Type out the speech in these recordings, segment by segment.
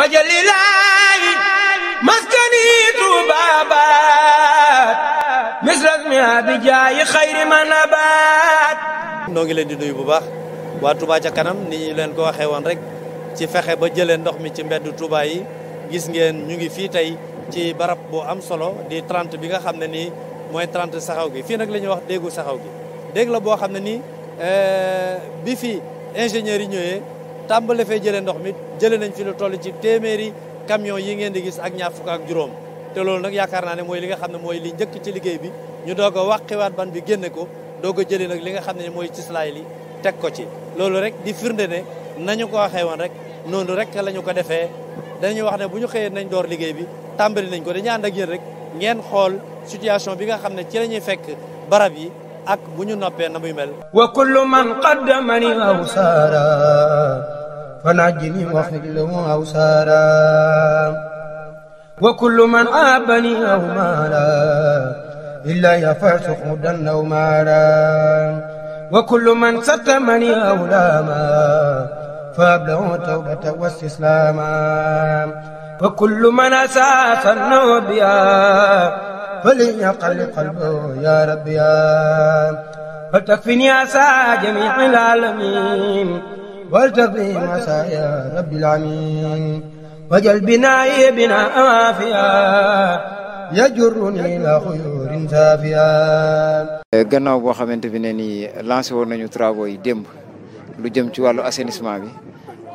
wajalilaayi maskani tuubaabaat misras mi abijaayi xayri ma nabaat noo ngi leen di nuyu bu baax baca Touba kanam ni ñu leen ko waxee woon rek ci fexe ba jëlee ndox mi ci mbedd Touba yi gis ngeen ñu ngi fii tey ci barab bu am solo di 30 bi nga xam ne nii mooy 30 saxaw gi fii nag la ñuy wax déggu saxaw gi eh, yi ñëwee tàmbale fee jëlee ndox mi jëlee nañ fi lu toll ci téeméeri camion yi ngeen di gis ak ñaar fukk ak juróom te loolu nag yaakaar naa ne mooy li nga xam ne mooy li njëkk ci liggéey bi ñu doog a wàqiwaat ban bi génne ko doog a jëlee nag li nga xam ne mooy cislaay li teg ko ci loolu rek di firnde ne nañu ko waxee woon rek noonu rek lañu ko defee dañuy wax ne bu ñu xëyee nañ door liggéey bi tàmbali nañ ko dañu ànd ak rek ngeen xool situation bi nga xam ne ci la ñuy fekk barab yi ak bu ñu na muy mel wa kullu man فنجني واخفض له أوسارا وكل من آبني أو مالا إلا يفعت خدا أو مالا وكل من ستمني أو لاما فأبلغ توبة واستسلاما وكل من أساس النوبيا فليقل قلبه يا ربي يا فتكفني أسى جميع العالمين والتقي مساء يا رب العالمين وجل بناي بنا عافيا yajuruni la xuyurin saafiya gannaaw boo xamante bi ne nii lancé woon nañu travaux yi démb lu jëm ci wàllu assainissement bi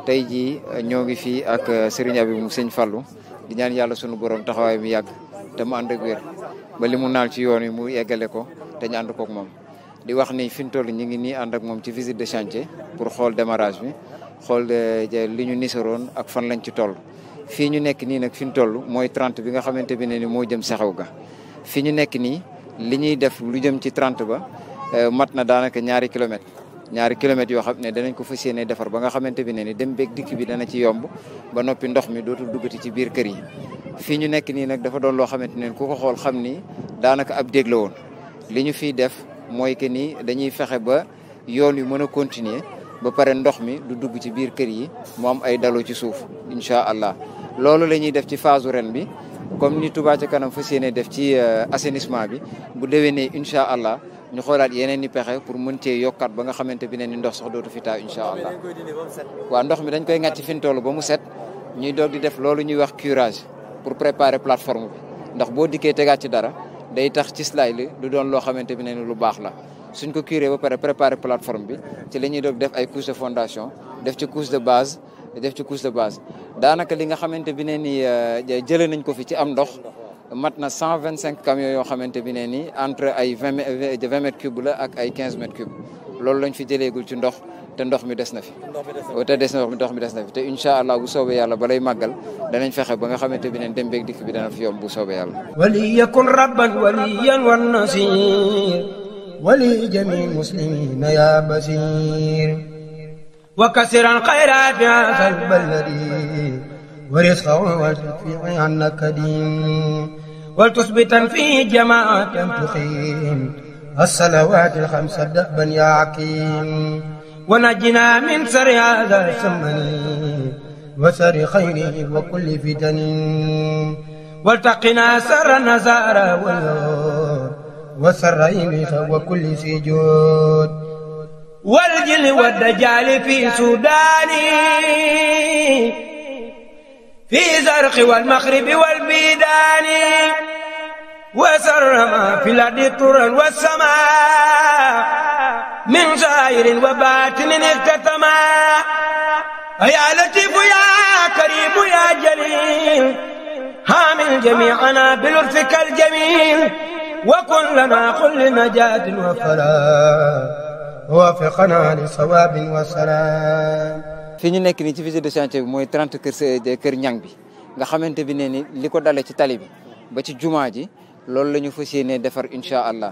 tey jii ñoo ngi fii ak Serigne bi mu sëñ Fallou di ñaan yàlla sunu borom taxawaay mi yàgg te mu ànd ak wér ba li mu naal ci yoon wi mu yeggale ko te ñu ànd kook moom. di wax ni fi mu toll ñu ngi nii ànd ak moom ci visite de chantier pour xool démarrage bi xool eh, li ñu nisaroon ak fan lañ ci tool fii ñu nekk nii nag fi mu toll mooy 30 bi nga xamante bi ne ni moo jëm saxaw ga fi ñu nekk nii li ñuy def lu jëm ci 30 ba eh, mat na daanaka ñaari kilomètres. ñaari kilomètres yoo xam ne danañ ko fa yéene defar ba nga xamante bi ne ni dem beeg dikk bi dana ci yomb ba noppi ndox mi dootul duggati ci biir kër yi fii ñu nekk nii nag dafa doon loo xamante ne ku ko xool xam ni daanaka ab dégg woon li ñu fiy def. mooy que ni dañuy fexe ba yoon wi mën a continuer ba pare ndox mi du dugg ci biir kër yi mu am ay dalu ci suuf incha allah loolu la ñuy def ci phase ren bi comme ni Touba ca kanam fa fas yéene def ci euh, assainissement bi bu ne incha allah ñu xoolaat yeneen i pexe pour mën cee yokkat ba nga xamante bi ne ni ndox sax dootu fi taa incha allah waa ndox mi dañ koy ŋàcc fi mu toll ba mu set ñuy doog di def loolu ñuy wax curage pour préparer plateforme bi boo dikkee tegaat ci dara day tax ci slide du doon loo xamante ne lu baax la suñ ko curé ba pare préparer plateforme bi ci la ñuy doog def ay couche de fondation def ci couche de base def ci couche de base daanaka li nga xamante bi ne nii euh, jëlee nañ ko fi ci am ndox mat na 125 camions yoo xamante bi ne nii entre ay 20 vingt mètres cubes la ak ay 15 mètres cubes loolu lañ fi gul ci ndox te ndox mi des na fi te des na ndox mi des na fi te incha allah bu soobee yàlla balay màggal danañ fexe ba nga xamante bi neen dem beeg dikk bi dana fi yomb bu soobee yàlla waliyakun rabban waliyan wan nasir wali jami muslimina ya basir wa kasiran xayraati asal baladi wa risqahu waltutfi'i anna kadim waltusbitan fi jamaatan tuqim الصلوات الخمس دأبا يا عكيم ونجنا من سر هذا السمن وسر خيره وكل فتن والتقنا سر النزار والنور وسر إبليس وكل سجود والجل والدجال في سوداني في زرق والمغرب والبيدان وسر ما في الأرض طرا والسماء من ظاهر وباطن اختتما يا لطيف يا كريم يا جليل حامل جميعنا بلطفك الجميل وكن لنا كل نجاة وفلاح وافقنا لصواب وسلام fi ñu nekk nii ci visite de chantier bi mooy 30 kër kër ñang bi nga xamante bi ne ni li ko dalee ci tali bi ba ci jumaa ji loolu la ñu fas yéene defar incha allah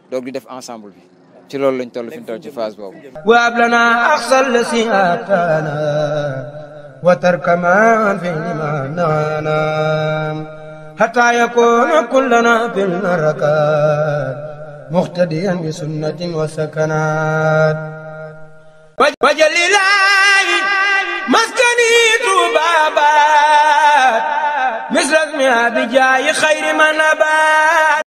donc di def ensemble bi ci loolu lañ toll fi ñu toll ci phase boobu waab lana axsal si ataana wa tarkaman fi lima naana حتى يكون كلنا في الركات مقتديا بسنة وسكنات وجل الله مسكني ذبابات مثل اسمها خير من أبات